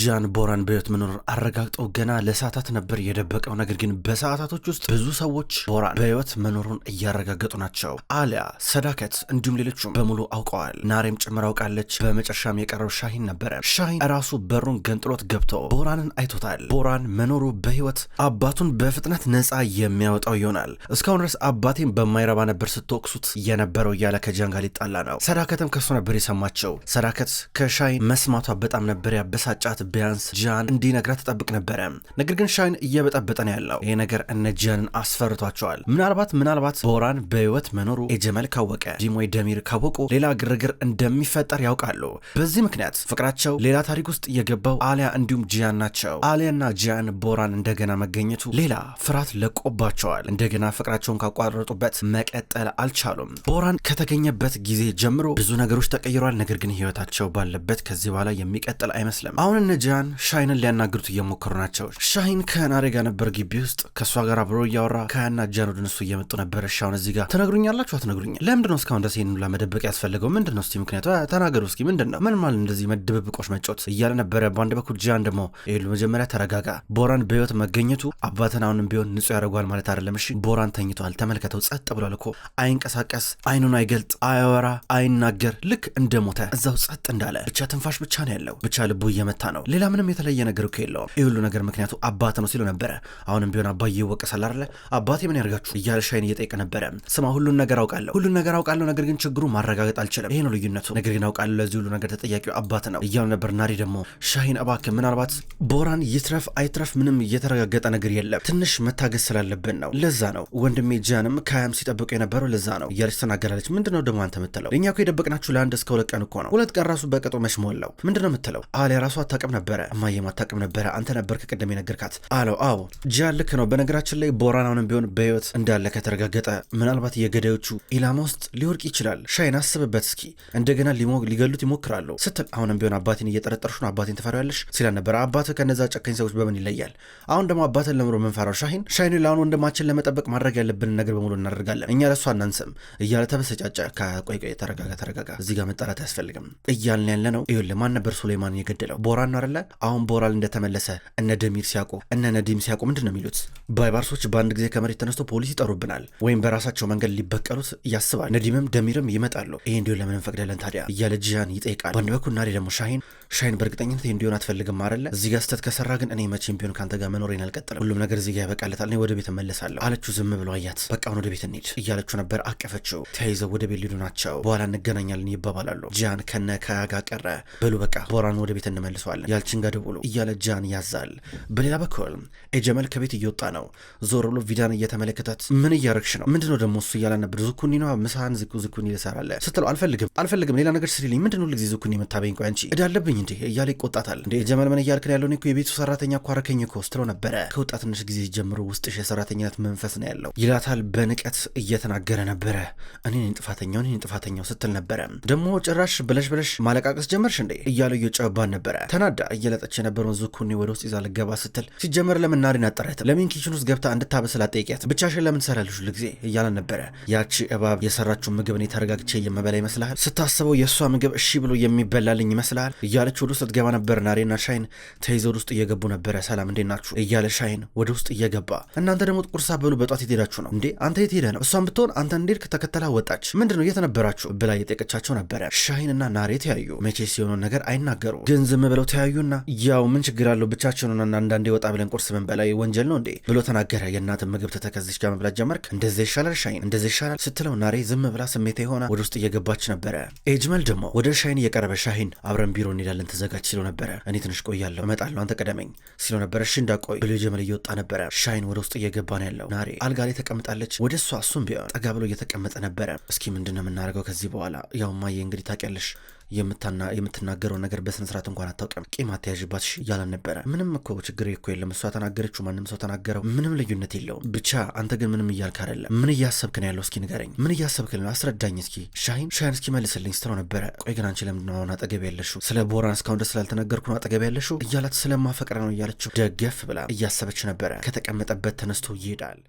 ጃን ቦራን በህይወት መኖር አረጋግጠው ገና ለሰዓታት ነበር የደበቀው። ነገር ግን በሰዓታቶች ውስጥ ብዙ ሰዎች ቦራን በህይወት መኖሩን እያረጋገጡ ናቸው። አሊያ፣ ሰዳከት እንዲሁም ሌሎቹም በሙሉ አውቀዋል። ናሬም ጭምር አውቃለች። በመጨረሻም የቀረው ሻሂን ነበረ። ሻሂን ራሱ በሩን ገንጥሎት ገብቶ ቦራንን አይቶታል። ቦራን መኖሩ በህይወት አባቱን በፍጥነት ነፃ የሚያወጣው ይሆናል። እስካሁን ድረስ አባቴን በማይረባ ነበር ስትወቅሱት የነበረው እያለ ከጃን ጋር ሊጣላ ነው። ሰዳከትም ከሱ ነበር የሰማቸው። ሰዳከት ከሻሂን መስማቷ በጣም ነበር ያበሳጫ እንደሚጠብቃት ቢያንስ ጃን እንዲነግራት ትጠብቅ ነበረ። ነገር ግን ሻይን እየበጠበጠ ነው ያለው። ይሄ ነገር እነ ጃንን አስፈርቷቸዋል። ምናልባት ምናልባት ቦራን በህይወት መኖሩ የጀመል ካወቀ፣ ጂም ወይ ደሚር ካወቁ ሌላ ግርግር እንደሚፈጠር ያውቃሉ። በዚህ ምክንያት ፍቅራቸው ሌላ ታሪክ ውስጥ የገባው አሊያ እንዲሁም ጂያን ናቸው። አሊያና ጂያን ቦራን እንደገና መገኘቱ ሌላ ፍርሃት ለቆባቸዋል። እንደገና ፍቅራቸውን ካቋረጡበት መቀጠል አልቻሉም። ቦራን ከተገኘበት ጊዜ ጀምሮ ብዙ ነገሮች ተቀይሯል። ነገር ግን ህይወታቸው ባለበት ከዚህ በኋላ የሚቀጥል አይመስልም። አሁን ሻሂንን ጃን ሻይንን ሊያናግሩት እየሞከሩ ናቸው። ሻይን ከህን አደጋ ነበር ግቢ ውስጥ ከእሷ ጋር አብሮ እያወራ ከህና ጃን ወደ እነሱ እየመጡ ነበር። ሻውን እዚህ ጋር ትነግሩኛላችሁ አትነግሩኝ? ለምንድነው እስካሁን ደስ ይህን ሁላ መደበቅ ያስፈልገው ምንድነው? እስቲ ምክንያቱ ተናገሩ እስኪ ምንድን ነው ምን ማለት እንደዚህ መድብብቆች መጮት እያለ ነበረ። በአንድ በኩል ጃን ደግሞ ይሉ መጀመሪያ ተረጋጋ፣ ቦራን በህይወት መገኘቱ አባትን አሁንም ቢሆን ንጹህ ያደርገዋል ማለት አይደለም። እሺ ቦራን ተኝተዋል፣ ተመልከተው፣ ጸጥ ብሏል እኮ አይንቀሳቀስ፣ አይኑን አይገልጥ፣ አያወራ፣ አይናገር ልክ እንደሞተ እዛው ጸጥ እንዳለ ብቻ ትንፋሽ ብቻ ነው ያለው። ብቻ ልቡ እየመታ ነው። ሌላ ምንም የተለየ ነገር እኮ የለውም። ይህ ሁሉ ነገር ምክንያቱ አባት ነው ሲሉ ነበረ። አሁንም ቢሆን አባዬ ይወቀሳል አለ። አባቴ ምን ያርጋችሁ እያለ ሻይን እየጠየቀ ነበረ። ስማ ሁሉን ነገር አውቃለሁ፣ ሁሉን ነገር አውቃለሁ፣ ነገር ግን ችግሩ ማረጋገጥ አልችልም። ይሄ ነው ልዩነቱ። ነገር ግን አውቃለሁ፣ ለዚህ ሁሉ ነገር ተጠያቂው አባት ነው እያሉ ነበር። ናሪ ደግሞ ሻይን እባክህ ምናልባት ቦራን ይትረፍ አይትረፍ ምንም እየተረጋገጠ ነገር የለም፣ ትንሽ መታገስ ስላለብን ነው። ለዛ ነው ወንድሜ ጃንም ካያም ሲጠብቁ የነበረው ለዛ ነው እያለች ተናገራለች። ምንድነው ደግሞ አንተ ምትለው? እኛ እኮ የደበቅናችሁ ለአንድ እስከ ሁለት ቀን እኮ ነው። ሁለት ቀን ራሱ በቅጡ መሽሞላው ምንድነው ምትለው? አሊያ ራሱ አታ አታቅም ነበረ እማዬ ማታቅም ነበረ አንተ ነበር ከቀደም የነገርካት አለው። አዎ ጂያን ልክ ነው። በነገራችን ላይ ቦራን ቢሆን በህይወት እንዳለ ከተረጋገጠ ምናልባት የገዳዮቹ ኢላማ ውስጥ ሊወርቅ ይችላል። ሻይን አስብበት እስኪ እንደገና ሊገሉት ይሞክራሉ ስትል አሁንም ቢሆን አባቴን እየጠረጠርሽ ነው፣ አባቴን ትፈሪዋለሽ ሲላል ነበረ። አባትህ ከነዛ ጨካኝ ሰዎች በምን ይለያል? አሁን ደግሞ አባትን ለምሮ የምንፈራው ሻሂን ሻይን ለአሁን ወንድማችን ለመጠበቅ ማድረግ ያለብንን ነገር በሙሉ እናደርጋለን። እኛ ለሱ አናንስም እያለ ተበሰጫጨ። ከቆይቆይ ተረጋጋ ተረጋጋ፣ እዚህ ጋር መጣላት አያስፈልግም እያልን ያለ ነው። ይሁን ለማን ነበር ሱሌማን የገደለው? ቦራን ነው አይደለ? አሁን ቦራል እንደተመለሰ እነ ደሚር ሲያውቁ እነ ነዲም ሲያውቁ ምንድን ነው የሚሉት? ባይባርሶች በአንድ ጊዜ ከመሬት ተነስቶ ፖሊስ ይጠሩብናል ወይም በራሳቸው መንገድ ሊበቀሉት ያስባል። ነዲምም ደሚርም ይመጣሉ። ይሄ እንዲሁ ለምን ፈቅደለን ታዲያ እያለ ጂያን ይጠይቃል። በአንድ በኩል ናሬ ደግሞ ሻሂን ሻይን በእርግጠኝነት እንዲሆን አትፈልግም አይደለ? እዚህ ጋር ስተት ከሰራ ግን እኔ መቼም ቢሆን ከአንተ ጋር መኖሬን አልቀጥልም። ሁሉም ነገር እዚህ ጋር ያበቃለታል። እኔ ወደ ቤት እመለሳለሁ አለችው። ዝም ብሎ አያት። በቃ ወደ ቤት እንሂድ እያለችው ነበር። አቀፈችው። ተያይዘው ወደ ቤት ሊዱ ናቸው። በኋላ እንገናኛለን ይባባላሉ። ጃን ከነ ከያ ጋር ቀረ። በሉ በቃ ቦራን ወደ ቤት እንመልሰዋለን፣ ያልችን ጋር ደውሉ እያለ ጃን ያዛል። በሌላ በኩል ኤጀመል ከቤት እየወጣ ነው። ዞር ብሎ ቪዳን እየተመለከታት ምን እያረግሽ ነው? ምንድነው ደግሞ እሱ እያለ ነበር። ዙኩኒ ነው ምሳን ዝኩ ዝኩኒ ልሰራለ ስትለው አልፈልግም አልፈልግም ሌላ ነገር ስሪልኝ ምንድነው ሁልጊዜ ዝኩኒ የምታበኝ? ቆይ አንቺ እዳለብኝ እንጂ እያለ ይቆጣታል። እንዴ ጀመል ምን እያልክ ነው ያለው? እኮ የቤቱ ሰራተኛ እኮ አረከኝ እኮ ስትለው ነበረ። ከወጣ ትንሽ ጊዜ ጀምሮ ውስጥሽ የሰራተኝነት መንፈስ ነው ያለው ይላታል። በንቀት እየተናገረ ነበረ። እኔ ነኝ ጥፋተኛው፣ እኔ ነኝ ጥፋተኛው ስትል ነበረ። ደግሞ ጭራሽ ብለሽ ብለሽ ማለቃቀስ ጀመርሽ እንዴ እያለ እየጨባን ነበረ። ተናዳ እየለጠች የነበረውን ዝኩኒ ወደ ውስጥ ይዛ ልገባ ስትል ሲጀመር ለምን ናሪን አጠራት? ለምን ኪችን ውስጥ ገብታ እንድታበስላ አጠይቂያት። ብቻሽን ለምን ሰራልሽ ጊዜ እያለ ነበረ። ያቺ እባብ የሰራችው ምግብ እኔ ተረጋግቼ የመበላ ይመስልሃል? ስታስበው የእሷ ምግብ እሺ ብሎ የሚበላልኝ ይመስልሃል? እያለ እያለች ወደ ውስጥ ትገባ ነበር። ናሬና ሻይን ተይዘ ወደ ውስጥ እየገቡ ነበረ። ሰላም እንዴት ናችሁ እያለ ሻይን ወደ ውስጥ እየገባ እናንተ ደግሞ ጥቁር ሳበሉ በጧት የትሄዳችሁ ነው እንዴ? አንተ የትሄደ ነው? እሷን ብትሆን አንተ እንዴድክ ተከተላ ወጣች? ምንድን ነው እየተነበራችሁ ብላ እየጠየቀቻቸው ነበረ። ሻይንና ናሬ ተያዩ። መቼ ሲሆነውን ነገር አይናገሩ፣ ግን ዝም ብለው ተያዩና ያው ምን ችግር አለው ብቻችን ሆነን አንዳንዴ ወጣ ብለን ቁርስ ብንበላ ወንጀል ነው እንዴ ብሎ ተናገረ። የእናትን ምግብ ተተከዝች ጋር መብላት ጀመርክ፣ እንደዚ ይሻላል ሻይን፣ እንደዚ ይሻላል ስትለው ናሬ ዝም ብላ ስሜታ የሆና ወደ ውስጥ እየገባች ነበረ። ኤጅመል ደግሞ ወደ ሻይን እየቀረበ ሻይን አብረን ቢሮ እንሄዳለን ልንገድልን ተዘጋጅ ሲለው ነበረ። እኔ ትንሽ ቆያለሁ እመጣለሁ፣ አንተ ቀደመኝ ሲለው ነበረ። እሺ እንዳቆይ ብሎ ጀመል እየወጣ ነበረ። ሻይን ወደ ውስጥ እየገባ ነው ያለው። ናሬ አልጋ ላይ ተቀምጣለች። ወደ እሷ እሱም ቢሆን ጠጋ ብሎ እየተቀመጠ ነበረ። እስኪ ምንድን ነው የምናደርገው ከዚህ በኋላ ያው ማየ እንግዲህ ታውቂያለሽ የምትናገረው ነገር በስነ ስርዓት እንኳን አታውቅም፣ ቂም አትያዥባትሽ እያለ ነበረ። ምንም እኮ ችግር እኮ የለም፣ እሷ ተናገረችው፣ ማንም ሰው ተናገረው፣ ምንም ልዩነት የለውም። ብቻ አንተ ግን ምንም እያልክ አይደለም። ምን እያሰብክ ነው ያለው? እስኪ ንገረኝ፣ ምን እያሰብክ ነው? አስረዳኝ እስኪ ሻይን ሻይን እስኪ መልስልኝ ስትለው ነበረ። ቆይ ግን አንቺ ለምንድን ነው አሁን አጠገብ ያለሽው? ስለ ቦራን እስካሁን ደስ ስላልተነገርኩ ነው አጠገብ ያለሽው እያላት፣ ስለማፈቅረ ነው እያለችው ደገፍ ብላ እያሰበች ነበረ። ከተቀመጠበት ተነስቶ ይሄዳል።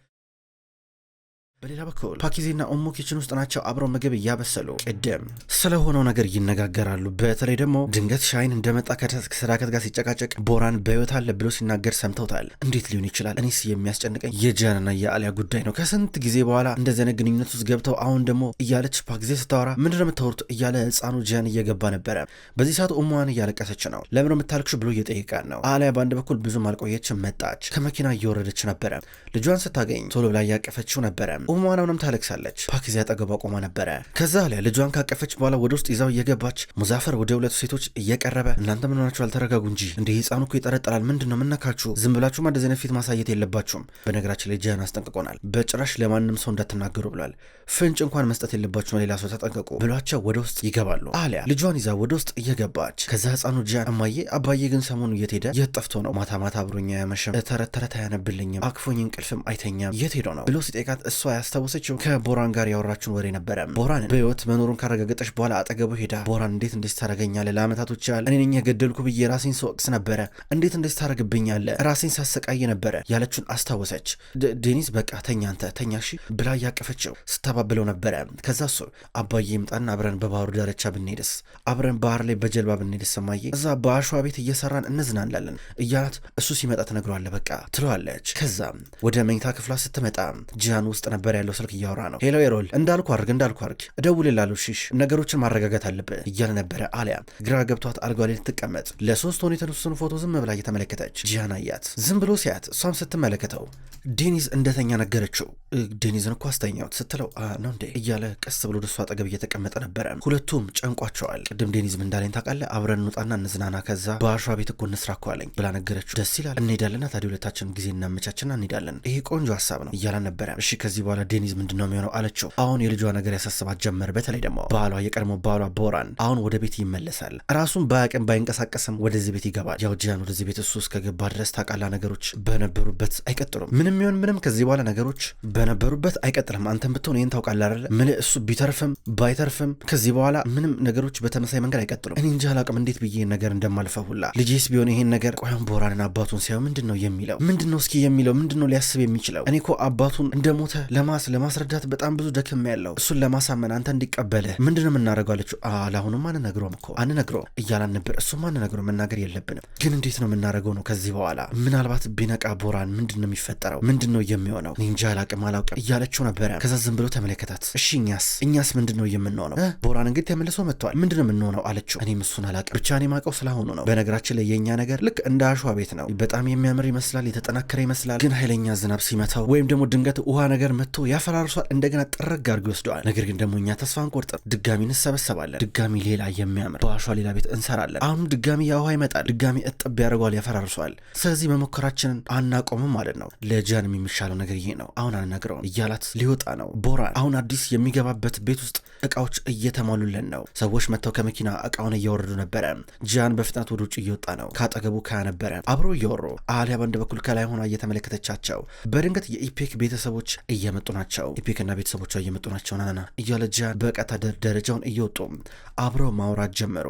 በሌላ በኩል ፓኪዜና ኦሞ ኪችን ውስጥ ናቸው አብረው ምግብ እያበሰሉ ቅድም ስለሆነው ነገር ይነጋገራሉ። በተለይ ደግሞ ድንገት ሻይን እንደመጣ ከሰዳከት ጋር ሲጨቃጨቅ ቦራን በህይወት አለ ብሎ ሲናገር ሰምተውታል። እንዴት ሊሆን ይችላል? እኔስ የሚያስጨንቀኝ የጃንና የአሊያ ጉዳይ ነው። ከስንት ጊዜ በኋላ እንደዚህ ግንኙነት ውስጥ ገብተው አሁን ደግሞ እያለች ፓኪዜ ስታወራ ምንድን ነው የምታወሩት እያለ ህፃኑ ጃን እየገባ ነበረ። በዚህ ሰዓት ኦሞዋን እያለቀሰች ነው። ለምን የምታልቅሽ ብሎ እየጠየቃን ነው። አሊያ በአንድ በኩል ብዙም አልቆየችም መጣች። ከመኪና እየወረደች ነበረ። ልጇን ስታገኝ ቶሎ ብላ እያቀፈችው ነበረ። ቁሟና ምንም ታለቅሳለች። ፓኪዛ አጠገቧ ቆማ ነበረ። ከዛ ላይ ልጇን ካቀፈች በኋላ ወደ ውስጥ ይዛው እየገባች ሙዛፈር ወደ ሁለቱ ሴቶች እየቀረበ እናንተ ምን ሆናችሁ አልተረጋጉ እንጂ እንደ ህፃኑ እኮ ይጠረጠራል። ምንድን ነው ምናካችሁ? ዝም ብላችሁ እንደዚህ አይነት ፊት ማሳየት የለባችሁም። በነገራችን ላይ ጂያን አስጠንቅቆናል። በጭራሽ ለማንም ሰው እንዳትናገሩ ብሏል። ፍንጭ እንኳን መስጠት የለባችሁ፣ ሌላ ሰው ተጠንቀቁ ብሏቸው ወደ ውስጥ ይገባሉ። አሊያ ልጇን ይዛ ወደ ውስጥ እየገባች ከዛ ህፃኑ ጂያን እማዬ፣ አባዬ ግን ሰሞኑ የት ሄደ? የት ጠፍቶ ነው? ማታ ማታ አብሮኛ ያመሸም ተረት ተረት አያነብልኝም፣ አክፎኝ እንቅልፍም አይተኛም፣ የት ሄዶ ነው ብሎ ሲጠይቃት እሷ ያስታወሰችው ከቦራን ጋር ያወራችውን ወሬ ነበረ። ቦራን በህይወት መኖሩን ካረጋገጠች በኋላ አጠገቡ ሄዳ ቦራን እንዴት እንዴት ታደርገኛለ ለአመታቶች ያህል እኔ ነኝ የገደልኩ ብዬ ራሴን ስወቅስ ነበረ። እንዴት እንዴት ታደርግብኛለህ? ራሴን ሳሰቃየ ነበረ ያለችውን አስታወሰች። ዴኒስ በቃ ተኛ አንተ ተኛ ብላ እያቀፈችው ስታባብለው ነበረ። ከዛ እሱ አባዬ ይምጣና አብረን በባህሩ ዳርቻ ብንሄድስ፣ አብረን ባህር ላይ በጀልባ ብንሄድስ፣ ሰማዬ እዛ በአሸዋ ቤት እየሰራን እንዝናናለን እያላት እሱ ሲመጣ ትነግረዋለህ በቃ ትለዋለች። ከዛ ወደ መኝታ ክፍሏ ስትመጣ ጂያን ውስጥ ነበረ መስመር ያለው ስልክ እያወራ ነው። ሄሎ ኤሮል፣ እንዳልኩ አድርግ እንዳልኩ አድርግ እደውልልሃለሁ፣ ሽሽ ነገሮችን ማረጋጋት አለብህ እያለ ነበረ። አሊያ ግራ ገብቷት አልጋ ላይ ልትቀመጥ ለሶስት ሆኑ የተነሱትን ፎቶ ዝም ብላ እየተመለከተች ጂያን አያት። ዝም ብሎ ሲያት እሷም ስትመለከተው ዴኒዝ እንደተኛ ነገረችው። ዴኒዝን እኮ አስተኛሁት ስትለው ነው እንዴ እያለ ቀስ ብሎ ደሷ እሷ አጠገብ እየተቀመጠ ነበረ። ሁለቱም ጨንቋቸዋል። ቅድም ዴኒዝ ምን እንዳለኝ ታውቃለህ? አብረን እንውጣና እንዝናና ከዛ በአሸዋ ቤት እኮ እንስራ እኮ አለኝ ብላ ነገረችው። ደስ ይላል እንሄዳለንና ታዲያ ሁለታችን ጊዜ እናመቻችና እንሄዳለን። ይሄ ቆንጆ ሀሳብ ነው እያላን ነበረ። እሺ ከዚህ በኋላ ዴኒዝ ምንድን ነው የሚሆነው አለችው። አሁን የልጇ ነገር ያሳስባት ጀመር። በተለይ ደግሞ ባሏ የቀድሞ ባሏ ቦራን አሁን ወደ ቤት ይመለሳል። ራሱን በአቅም ባይንቀሳቀስም ወደዚህ ቤት ይገባል። ያው ጂያን ወደዚህ ቤት እሱ እስከገባ ድረስ ታቃላ ነገሮች በነበሩበት አይቀጥሉም። ምንም ይሆን ምንም ከዚህ በኋላ ነገሮች በነበሩበት አይቀጥልም። አንተም ብትሆን ይህን ታውቃለህ አይደለ? ምን እሱ ቢተርፍም ባይተርፍም ከዚህ በኋላ ምንም ነገሮች በተመሳይ መንገድ አይቀጥሉም። እኔ እንጃ አላቅም እንዴት ብዬ ይህን ነገር እንደማልፈው ሁላ ልጄስ ቢሆን ይሄን ነገር ቆያን ቦራንን አባቱን ሲያዩ ምንድን ነው የሚለው ምንድን ነው እስኪ የሚለው ምንድን ነው ሊያስብ የሚችለው እኔ እኮ አባቱን እንደሞተ ለማስ ለማስረዳት በጣም ብዙ ደክም ያለው እሱን ለማሳመን አንተ እንዲቀበለ ምንድን ነው የምናደርገው አለችው። ለአሁኑም አንነግሮም እኮ አንነግሮም እያላን ነበር። እሱም ነግሮ መናገር የለብንም ግን እንዴት ነው የምናደርገው ነው ከዚህ በኋላ ምናልባት ቢነቃ ቦራን ምንድን ነው የሚፈጠረው? ምንድን ነው የሚሆነው? ኒንጃ እንጃ አላቅም አላውቅም እያለችው ነበረ። ከዛ ዝም ብሎ ተመለከታት። እሺ እኛስ እኛስ ምንድን ነው የምንሆነው? ቦራን እንግዲህ ተመልሶ መጥተዋል። ምንድን ነው የምንሆነው አለችው። እኔም እሱን አላቅም ብቻ እኔ ማውቀው ስለአሁኑ ነው። በነገራችን ላይ የእኛ ነገር ልክ እንደ አሸዋ ቤት ነው። በጣም የሚያምር ይመስላል፣ የተጠናከረ ይመስላል። ግን ኃይለኛ ዝናብ ሲመታው ወይም ደግሞ ድንገት ውሃ ነገር መ መጥቶ ያፈራርሷል። እንደገና ጥረግ አድርጎ ይወስደዋል። ነገር ግን ደግሞ እኛ ተስፋ እንቆርጥ፣ ድጋሚ እንሰበሰባለን፣ ድጋሚ ሌላ የሚያምር በዋሿ ሌላ ቤት እንሰራለን። አሁንም ድጋሚ ያውሃ ይመጣል፣ ድጋሚ እጥብ ያደርገዋል፣ ያፈራርሷል። ስለዚህ መሞከራችንን አናቆምም ማለት ነው። ለጃንም የሚሻለው ነገር ይሄ ነው። አሁን አንነግረውም እያላት ሊወጣ ነው። ቦራን አሁን አዲስ የሚገባበት ቤት ውስጥ እቃዎች እየተሟሉለን ነው። ሰዎች መጥተው ከመኪና እቃውን እያወረዱ ነበረ። ጃን በፍጥነት ወደ ውጭ እየወጣ ነው። ከአጠገቡ ካያ ነበረ አብሮ እያወሩ አሊያ በአንድ በኩል ከላይ ሆና እየተመለከተቻቸው በድንገት የኢፔክ ቤተሰቦች እየመጡ እየመጡ ናቸው፣ ኢፒክና ቤተሰቦቿ እየመጡ ናቸው፣ ናናና እያለጃ በቀታ ደረጃውን እየወጡ አብረው ማውራት ጀመሩ።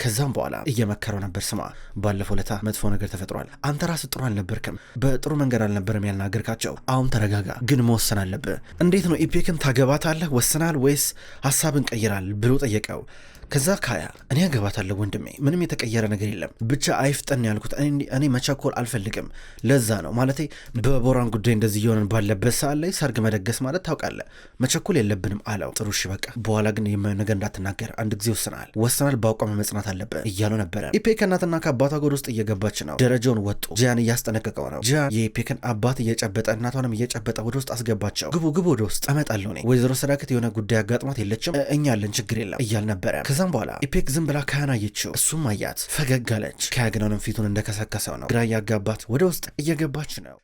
ከዛም በኋላ እየመከረው ነበር። ስማ ባለፈው ለታ መጥፎ ነገር ተፈጥሯል። አንተ ራስ ጥሩ አልነበርክም፣ በጥሩ መንገድ አልነበርም ያልናገርካቸው። አሁን ተረጋጋ፣ ግን መወሰን አለብህ። እንዴት ነው ኢፒክን ታገባታለህ? ወስናል ወይስ ሀሳብን ቀይራል ብሎ ጠየቀው። ከዛ ካያ እኔ አገባታለሁ ወንድሜ፣ ምንም የተቀየረ ነገር የለም ብቻ አይፍጠን ያልኩት እኔ መቻኮል አልፈልግም። ለዛ ነው ማለቴ በቦራን ጉዳይ እንደዚህ እየሆነን ባለበት ሰዓት ላይ ሰርግ መደገስ ማለት ታውቃለህ፣ መቸኮል የለብንም አለው። ጥሩ እሺ በቃ በኋላ ግን የማየው ነገር እንዳትናገር፣ አንድ ጊዜ ወስናል ወስናል፣ በአቋም መጽናት አለብህ እያሉ ነበረ። ኢፔ ከእናትና ከአባቷ ጎድ ውስጥ እየገባች ነው። ደረጃውን ወጡ። ጂያን እያስጠነቀቀው ነው። ጂያን የኢፔክን አባት እየጨበጠ እናቷንም እየጨበጠ ወደ ውስጥ አስገባቸው። ግቡ ግቡ፣ ወደ ውስጥ እመጣለሁ እኔ። ወይዘሮ ሰዳከት የሆነ ጉዳይ አጋጥሟት የለችም እኛ አለን ችግር የለም እያል ነበረ ከዛም በኋላ ኢፔክ ዝም ብላ ካህን አየችው። እሱም አያት፣ ፈገግ አለች። ካያ ግን አሁንም ፊቱን እንደከሰከሰው ነው። ግራ እያጋባት ወደ ውስጥ እየገባች ነው።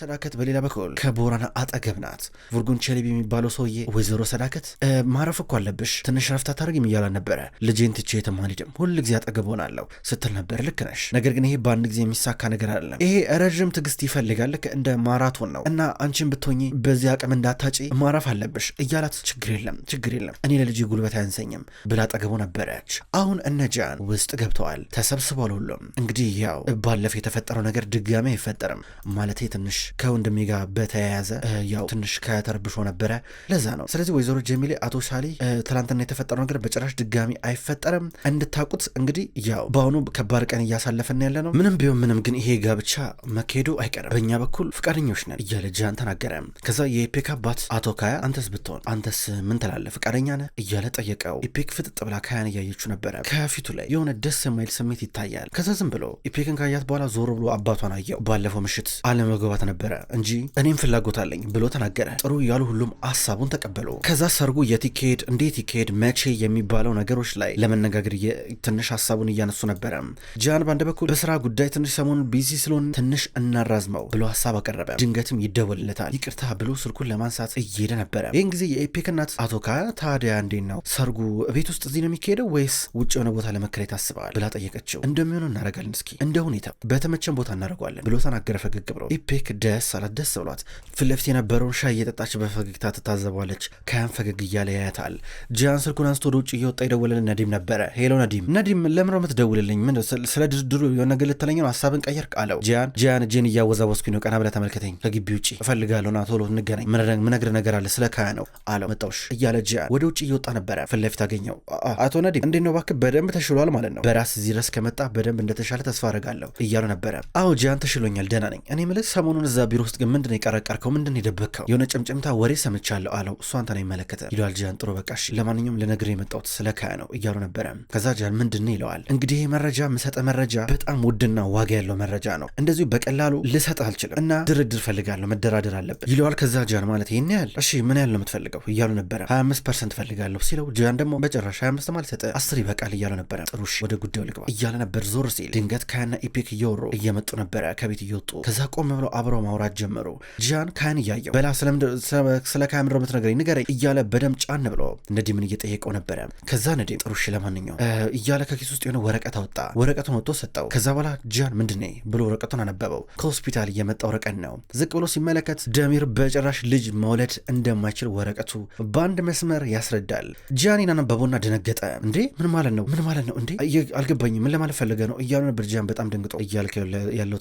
ሰዳከት በሌላ በኩል ከቦራና አጠገብ ናት። ቡርጉን ቸሊቢ የሚባለው ሰውዬ ወይዘሮ ሰዳከት ማረፍ እኮ አለብሽ ትንሽ ረፍታ አታደርጊም እያላን ነበረ። ልጄን ትቼ የትም አልሄድም ሁል ጊዜ አጠገብ ሆናለሁ ስትል ነበር። ልክ ነሽ፣ ነገር ግን ይሄ በአንድ ጊዜ የሚሳካ ነገር አይደለም። ይሄ ረዥም ትዕግስት ይፈልጋል። ልክ እንደ ማራቶን ነው እና አንቺን ብትሆኚ በዚህ አቅም እንዳታጪ ማረፍ አለብሽ እያላት፣ ችግር የለም ችግር የለም እኔ ለልጄ ጉልበት አያንሰኝም ብላ አጠገቡ ነበረች። አሁን እነጃን ውስጥ ገብተዋል፣ ተሰብስቧል። ሁሉም እንግዲህ ያው ባለፈው የተፈጠረው ነገር ድጋሚ አይፈጠርም ማለት ትንሽ ትንሽ ከወንድሜ ጋር በተያያዘ ያው ትንሽ ከተረብሾ ነበረ። ለዛ ነው። ስለዚህ ወይዘሮ ጀሚሌ አቶ ሻሊ ትላንትና የተፈጠረው ነገር በጭራሽ ድጋሚ አይፈጠረም። እንድታውቁት እንግዲህ ያው በአሁኑ ከባድ ቀን እያሳለፈን ያለ ነው። ምንም ቢሆን ምንም ግን ይሄ ጋብቻ መካሄዱ አይቀርም። በእኛ በኩል ፍቃደኞች ነን እያለ ጃን ተናገረ። ከዛ የኢፔክ አባት አቶ ካያ አንተስ ብትሆን አንተስ ምን ትላለህ? ፍቃደኛ ነህ እያለ ጠየቀው። ኢፔክ ፍጥጥ ብላ ካያን እያየችው ነበረ። ከፊቱ ላይ የሆነ ደስ የማይል ስሜት ይታያል። ከዛ ዝም ብሎ ኢፔክን ካያት በኋላ ዞሮ ብሎ አባቷን አየው። ባለፈው ምሽት አለመግባባት ነበረ እንጂ እኔም ፍላጎት አለኝ ብሎ ተናገረ። ጥሩ እያሉ ሁሉም ሀሳቡን ተቀበሉ። ከዛ ሰርጉ የት ይካሄድ፣ እንዴት ይካሄድ፣ መቼ የሚባለው ነገሮች ላይ ለመነጋገር ትንሽ ሀሳቡን እያነሱ ነበረ። ጃን በአንድ በኩል በስራ ጉዳይ ትንሽ ሰሞኑን ቢዚ ስለሆን ትንሽ እናራዝመው ብሎ ሀሳብ አቀረበ። ድንገትም ይደወልለታል። ይቅርታ ብሎ ስልኩን ለማንሳት እየሄደ ነበረ። ይህን ጊዜ የኤፔክ እናት አቶ ካ ታዲያ እንዴት ነው ሰርጉ ቤት ውስጥ እዚህ ነው የሚካሄደው ወይስ ውጭ የሆነ ቦታ ለመከራ ታስበዋል ብላ ጠየቀችው። እንደሚሆነው እናደርጋለን፣ እስኪ እንደ ሁኔታ በተመቸን ቦታ እናደርገዋለን ብሎ ተናገረ ፈገግ ብሎ ኢፔክ ደስ አላት። ደስ ብሏት ፊት ለፊት የነበረውን ሻይ እየጠጣች በፈገግታ ትታዘቧለች። ከያም ፈገግ እያለ ያያታል። ጂያን ስልኩን አንስቶ ወደ ውጭ እየወጣ ይደወለልን ነዲም ነበረ። ሄሎ ነዲም፣ ነዲም ለምን ነው የምትደውልልኝ ምን ስለ ድርድሩ የሆነ ነገር ልትለኝ ነው? ሀሳብን ቀየር አለው። ጂያን ጂያን እጄን እያወዛወዝኩኝ ነው። ቀና ብለህ ተመልከተኝ። ከግቢ ውጭ እፈልጋለሁ። ና ቶሎ እንገናኝ። ምነግር ነገር አለ ስለ ካያ ነው አለው። መጣውሽ እያለ ጂያን ወደ ውጭ እየወጣ ነበረ። ፊት ለፊት አገኘው። አቶ ነዲም እንዴት ነው እባክህ? በደንብ ተሽሏል ማለት ነው። በራስ እዚህ ድረስ ከመጣ በደንብ እንደተሻለ ተስፋ አረጋለሁ እያሉ ነበረ። አዎ ጂያን ተሽሎኛል፣ ደህና ነኝ። እኔ የምልህ ሰሞኑን እዛ ቢሮ ውስጥ ግን ምንድን የቀረቀርከው? ምንድን የደበቅከው? የሆነ ጭምጭምታ ወሬ ሰምቻለሁ አለው። እሷ አንተን አይመለከተ ይለዋል ጃን። ጥሩ በቃሽ፣ ለማንኛውም ልነግር የመጣሁት ስለ ካያ ነው እያሉ ነበረ። ከዛ ጃን ምንድን ይለዋል። እንግዲህ መረጃ ምሰጠ መረጃ በጣም ውድና ዋጋ ያለው መረጃ ነው። እንደዚሁ በቀላሉ ልሰጥ አልችልም እና ድርድር ፈልጋለሁ፣ መደራደር አለብን ይለዋል። ከዛ ጃን ማለት ይህን ያህል እሺ፣ ምን ያህል ነው የምትፈልገው እያሉ ነበረ። 25 ፐርሰንት ፈልጋለሁ ሲለው ጃን ደግሞ በጭራሽ 25 ማለት ሰጠ አስር ይበቃል እያሉ ነበረ። ጥሩ እሺ፣ ወደ ጉዳዩ ልግባ እያለ ነበር። ዞር ሲል ድንገት ካያና ኢፒክ እየወሩ እየመጡ ነበረ፣ ከቤት እየወጡ ከዛ ቆም ብለው አብረው ማውራት ጀመሩ። ጂያን ካያን እያየው በላ ስለ ካያ ምድረ ምትነገረኝ ንገረኝ እያለ በደም ጫን ብሎ ነዲምን እየጠየቀው ነበረ። ከዛ ነዲም ጥሩ እሺ፣ ለማንኛውም እያለ ከኪስ ውስጥ የሆነ ወረቀት አወጣ። ወረቀቱን ወጥቶ ሰጠው። ከዛ በኋላ ጂያን ምንድን ብሎ ወረቀቱን አነበበው። ከሆስፒታል እየመጣ ወረቀት ነው። ዝቅ ብሎ ሲመለከት ደሚር በጭራሽ ልጅ መውለድ እንደማይችል ወረቀቱ በአንድ መስመር ያስረዳል። ጂያኒን አነበበውና ደነገጠ። እንዴ ምን ማለት ነው? ምን ማለት ነው? እንዴ አልገባኝም። ምን ለማለት ፈለገ ነው እያሉ ነበር። ጂያን በጣም ደንግጦ እያልክ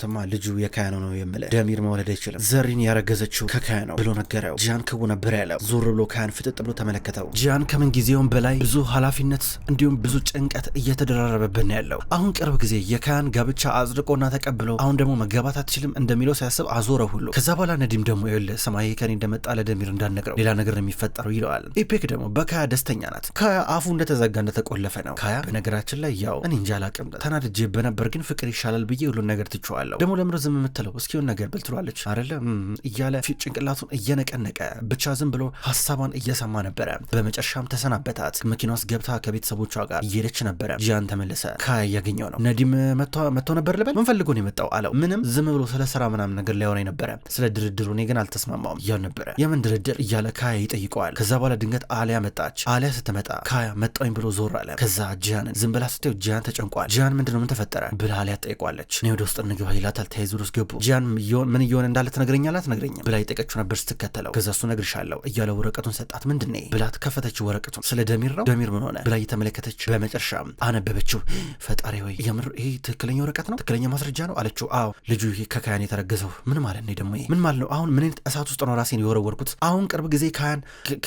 ተማ ልጁ የካያ ነው ነው የምልህ ደሚር መውለድ አይችልም፣ ዘሪን ያረገዘችው ከካያ ነው ብሎ ነገረው። ጂያን ክቡ ነበር ያለው። ዞር ብሎ ካያን ፍጥጥ ብሎ ተመለከተው። ጂያን ከምን ጊዜውም በላይ ብዙ ኃላፊነት እንዲሁም ብዙ ጭንቀት እየተደራረበብን ነው ያለው። አሁን ቅርብ ጊዜ የካያን ጋብቻ አጽድቆና ተቀብሎ አሁን ደግሞ መገባት አትችልም እንደሚለው ሳያስብ አዞረ ሁሉ። ከዛ በኋላ ነዲም ደግሞ ይኸውልህ ሰማይ ከኔ እንደመጣ ለደሚር እንዳነግረው ሌላ ነገር ነው የሚፈጠረው ይለዋል። ኢፔክ ደግሞ በካያ ደስተኛ ናት። ካያ አፉ እንደተዘጋ እንደተቆለፈ ነው። ካያ በነገራችን ላይ ያው እኔ እንጃ አላቅም ተናድጄ በነበር ግን ፍቅር ይሻላል ብዬ ሁሉን ነገር ትችዋለሁ። ደግሞ ለምረ ዝም የምትለው እስኪሆን ነገር ብልት ትሏለች አይደለም እያለ ጭንቅላቱን እየነቀነቀ ብቻ ዝም ብሎ ሀሳቧን እየሰማ ነበረ። በመጨረሻም ተሰናበታት። መኪና ውስጥ ገብታ ከቤተሰቦቿ ጋር እየሄደች ነበረ። ጂያን ተመለሰ። ካያ እያገኘው ነው። ነዲም መጥቶ ነበር ልበል ምን ፈልጎ ነው የመጣው አለው። ምንም ዝም ብሎ ስለ ስራ ምናምን ነገር ላይሆነ ነበረ። ስለ ድርድሩ እኔ ግን አልተስማማውም እያሉ ነበረ። የምን ድርድር እያለ ካያ ይጠይቀዋል። ከዛ በኋላ ድንገት አሊያ መጣች። አሊያ ስትመጣ ካያ መጣኝ ብሎ ዞር አለ። ከዛ ጂያንን ዝም ብላ ስትው ጂያን ተጨንቋል። ጂያን ምንድነው ምን ተፈጠረ ብላ አሊያ ትጠይቋለች። እኔ ወደ ውስጥ እንግባ ይላታል። ተያይዞ ውስጥ ገቡ። ጂያን ምን ምን እየሆነ እንዳለ ትነግረኛል አትነግረኝም ብላ የጠየቀችው ነበር ስትከተለው። ከዛ እሱ እነግርሻለሁ እያለ ወረቀቱን ሰጣት። ምንድን ብላት ከፈተችው ወረቀቱን። ስለ ደሚር ነው ደሚር ምን ሆነ ብላ እየተመለከተች በመጨረሻ አነበበችው። ፈጣሪ ወይ የምር ይሄ ትክክለኛ ወረቀት ነው ትክክለኛ ማስረጃ ነው አለችው። አዎ ልጁ ይሄ ከካያን የተረገዘው ምን ማለት ነው ደግሞ ምን ማለት ነው? አሁን ምን አይነት እሳት ውስጥ ነው ራሴን የወረወርኩት? አሁን ቅርብ ጊዜ ካያን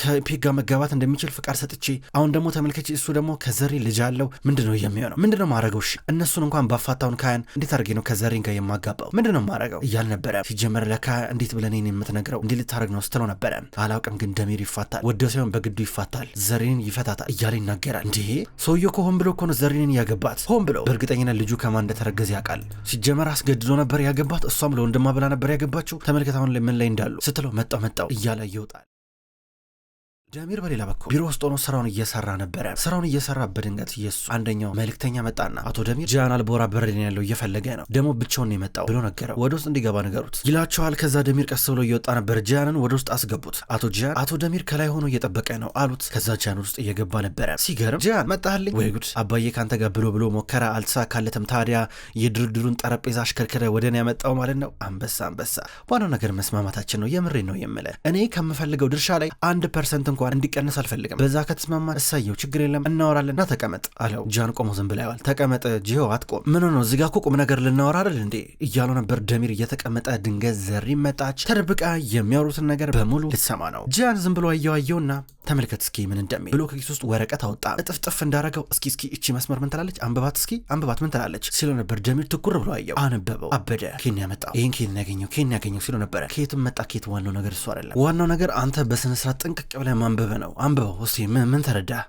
ከፔክ ጋር መጋባት እንደሚችል ፍቃድ ሰጥቼ አሁን ደግሞ ተመልከች፣ እሱ ደግሞ ከዘሬ ልጅ አለው። ምንድን ነው የሚሆነው? ምንድን ነው ማድረገው? እሺ እነሱን እንኳን ባፋታውን ካያን እንዴት አድርጌ ነው ከዘሬን ጋር የማጋባው? ምንድን ነው ማድረገው እያል ነበረ ሲጀመር ለካ እንዴት ብለን ኔን የምትነግረው እንዲህ ልታደረግ ነው ስትለው ነበረ። አላውቅም ግን ደሚር ይፋታል፣ ወደ ሳይሆን በግዱ ይፋታል፣ ዘሬንን ይፈታታል እያለ ይናገራል። እንዲህ ሰውየ ሆን ብሎ እኮ ነው ዘሬንን ያገባት። ሆን ብሎ በእርግጠኝነት ልጁ ከማን እንደተረገዘ ያውቃል። ሲጀመር አስገድዶ ነበር ያገባት፣ እሷም ለወንድማ ብላ ነበር ያገባችው። ተመልከት አሁን ምን ላይ እንዳሉ ስትለው መጣው መጣው እያለ ይወጣል። ደሚር በሌላ በኩል ቢሮ ውስጥ ሆኖ ስራውን እየሰራ ነበረ። ስራውን እየሰራ በድንገት የሱ አንደኛው መልእክተኛ መጣና አቶ ደሚር ጃን አልቦራ በርሊን ያለው እየፈለገ ነው፣ ደግሞ ብቻውን የመጣው ብሎ ነገረው። ወደ ውስጥ እንዲገባ ነገሩት ይላቸዋል። ከዛ ደሚር ቀስ ብሎ እየወጣ ነበር። ጃንን ወደ ውስጥ አስገቡት። አቶ ጃን አቶ ደሚር ከላይ ሆኖ እየጠበቀ ነው አሉት። ከዛ ጃን ውስጥ እየገባ ነበረ። ሲገርም ጃን መጣልኝ ወይ ጉድ አባዬ ካንተ ጋር ብሎ ብሎ ሞከራ፣ አልተሳካለትም። ታዲያ የድርድሩን ጠረጴዛ አሽከርክረ ወደ እኔ ያመጣው ማለት ነው። አንበሳ አንበሳ። ዋናው ነገር መስማማታችን ነው። የምሬ ነው የምለ እኔ ከምፈልገው ድርሻ ላይ አንድ ፐርሰንት እንኳ ታሪኳን እንዲቀንስ አልፈልግም። በዛ ከተስማማ እሳየው ችግር የለም እናወራለን። ና ተቀመጥ አለው። ጃን ቆሞ ዝም ብላ ይዋል። ተቀመጠ ጂሆ አትቆም። ምን ሆኖ እዚጋ እኮ ቁም ነገር ልናወራ አይደል እንዴ እያሉ ነበር ደሚር እየተቀመጠ። ድንገት ዘሪ መጣች። ተደብቃ የሚያወሩትን ነገር በሙሉ ልትሰማ ነው። ጃን ዝም ብሎ አየዋየውና ተመልከት እስኪ ምን እንደሚል ብሎ ከኪስ ውስጥ ወረቀት አወጣ። እጥፍጥፍ እንዳረገው እስኪ እስኪ እቺ መስመር ምን ትላለች አንብባት፣ እስኪ አንብባት ምን ትላለች ሲሎ ነበር። ደሚር ትኩር ብሎ አየው፣ አነበበው። አበደ። ኬን ያመጣው ይህን ኬን ያገኘው ኬን ያገኘው ሲሎ ነበረ። ኬትም መጣ ኬት ዋናው ነገር እሱ አይደለም። ዋናው ነገር አንተ በስነስርዓት ጥንቅቅ ብለህ አንብበ ነው አንብበው እስቲ ምን ምን ተረዳህ?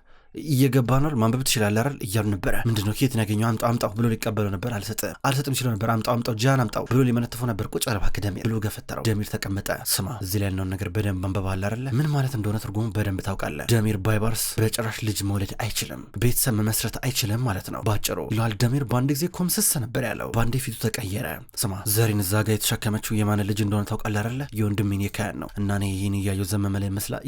እየገባ ነው ማንበብ ትችላለህ አይደል እያሉ ነበረ። ምንድነው ከየት ያገኘው አምጣው አምጣው ብሎ ሊቀበለው ነበር። አልሰጥም አልሰጥም ሲለው ነበር። አምጣው አምጣው ጃን አምጣው ብሎ ሊመነትፈው ነበር። ቁጭ በል እባክህ ደሜር ብሎ ገፈተረው። ደሚር ተቀመጠ። ስማ እዚህ ላይ ያለውን ነገር በደንብ አንበባ አለ አይደለ ምን ማለት እንደሆነ ትርጉሙ በደንብ ታውቃለህ። ደሚር ባይባርስ በጭራሽ ልጅ መውለድ አይችልም፣ ቤተሰብ መመስረት አይችልም ማለት ነው ባጭሩ ይለዋል። ደሚር በአንድ ጊዜ ኮምስስ ነበር ያለው፣ በአንዴ ፊቱ ተቀየረ። ስማ ዘሪን እዛ ጋ የተሸከመችው የማን ልጅ እንደሆነ ታውቃለህ አይደለ የወንድሜን የካያን ነው እና እኔ ይህን እያየው ዘመመለ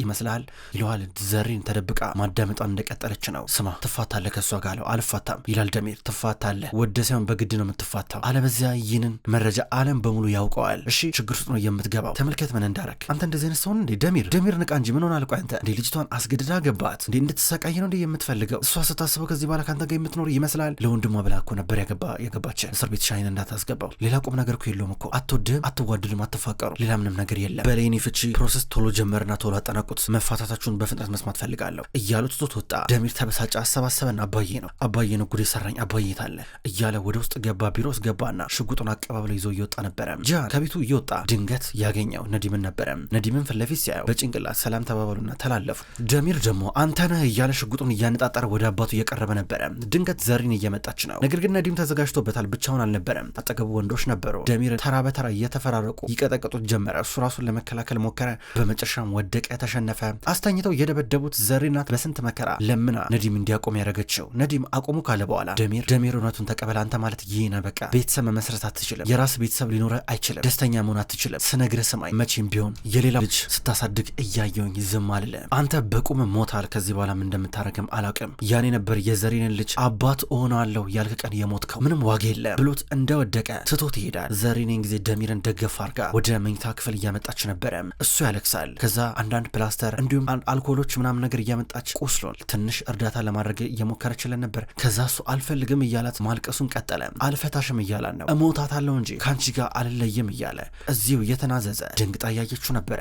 ይመስልሃል ይለዋል። ዘሪን ተደብቃ ማዳመጧን እንደቀ እየተቃጠለች ነው። ስማ ትፋታለህ ከእሷ ጋር አለው። አልፋታም ይላል ደሚር። ትፋታለህ ወደ ሳይሆን በግድ ነው የምትፋታው፣ አለበዚያ ይህንን መረጃ አለም በሙሉ ያውቀዋል። እሺ ችግር ውስጥ ነው የምትገባው። ተመልከት ምን እንዳረክ አንተ። እንደዚህ አይነት ሰውን እንዴ ደሚር ደሚር ንቃ እንጂ ምን ሆን አልቆ አንተ እንዴ ልጅቷን አስገድዳ ገባት እንዴ እንድትሰቃይ ነው እንዴ የምትፈልገው? እሷ ስታስበው ከዚህ በኋላ ከአንተ ጋር የምትኖር ይመስላል። ለወንድሟ ብላ እኮ ነበር ያገባ ያገባችን። እስር ቤት ሻይን እንዳታስገባው። ሌላ ቁም ነገር እኮ የለውም እኮ አትወድህም፣ አትዋድድም፣ አትፋቀሩ፣ ሌላ ምንም ነገር የለም። በሌኒ ፍቺ ፕሮሰስ ቶሎ ጀመርና ቶሎ አጠናቁት። መፋታታችሁን በፍጥነት መስማት ፈልጋለሁ እያሉት ትቶት ወጣ። ደሚር ተበሳጨ። አሰባሰበና አባዬ ነው አባዬ ነው ጉድ የሰራኝ አባዬ ታለ እያለ ወደ ውስጥ ገባ። ቢሮ ውስጥ ገባና ሽጉጡን አቀባብሎ ይዞ እየወጣ ነበረ። ጂያን ከቤቱ እየወጣ ድንገት ያገኘው ነዲምን ነበረ። ነዲምን ፊት ለፊት ሲያየው በጭንቅላት ሰላም ተባባሉና ተላለፉ። ደሚር ደግሞ አንተነ እያለ ሽጉጡን እያነጣጠረ ወደ አባቱ እየቀረበ ነበረ። ድንገት ዘሪን እየመጣች ነው። ነገር ግን ነዲም ተዘጋጅቶበታል። ብቻውን አልነበረም፣ አጠገቡ ወንዶች ነበሩ። ደሚር ተራ በተራ እየተፈራረቁ ይቀጠቀጡት ጀመረ። እሱ ራሱን ለመከላከል ሞከረ። በመጨረሻም ወደቀ፣ ተሸነፈ። አስተኝተው የደበደቡት ዘሪናት በስንት መከራ ለምና ነዲም እንዲያቆም ያደረገችው። ነዲም አቆሙ ካለ በኋላ ደሚር ደሚር እውነቱን ተቀበል። አንተ ማለት ይህ ነህ። በቃ ቤተሰብ መመስረት አትችልም። የራስ ቤተሰብ ሊኖረህ አይችልም። ደስተኛ መሆን አትችልም። ስነግረ ሰማይ መቼም ቢሆን የሌላ ልጅ ስታሳድግ እያየውኝ ዝም አልለ። አንተ በቁም ሞታል። ከዚህ በኋላም እንደምታረግም አላውቅም። ያኔ ነበር የዘሬንን ልጅ አባት እሆናለሁ ያልክ ቀን የሞትከው። ምንም ዋጋ የለም ብሎት እንደወደቀ ትቶት ይሄዳል። ዘሬኔን ጊዜ ደሚርን ደገፍ አርጋ ወደ መኝታ ክፍል እያመጣች ነበረ። እሱ ያለቅሳል። ከዛ አንዳንድ ፕላስተር እንዲሁም አልኮሎች ምናምን ነገር እያመጣች ቁስሎን ትንሽ እርዳታ ለማድረግ እየሞከረችለን ነበር። ከዛ እሱ አልፈልግም እያላት ማልቀሱን ቀጠለ። አልፈታሽም እያላን ነው። አለው እንጂ ከአንቺ ጋር አልለይም እያለ እዚሁ እየተናዘዘ ድንግ እያየችው ነበረ።